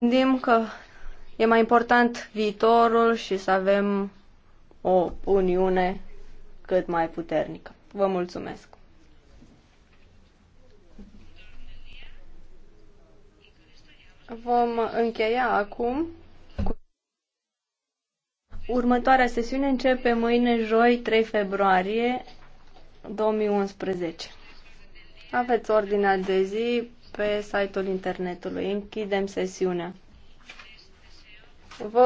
gândim că e mai important viitorul și să avem o uniune cât mai puternică. Vă mulțumesc! Vom încheia acum. Următoarea sesiune începe mâine, joi, 3 februarie 2011. Aveți ordinea de zi pe site-ul internetului. Închidem sesiunea. Vă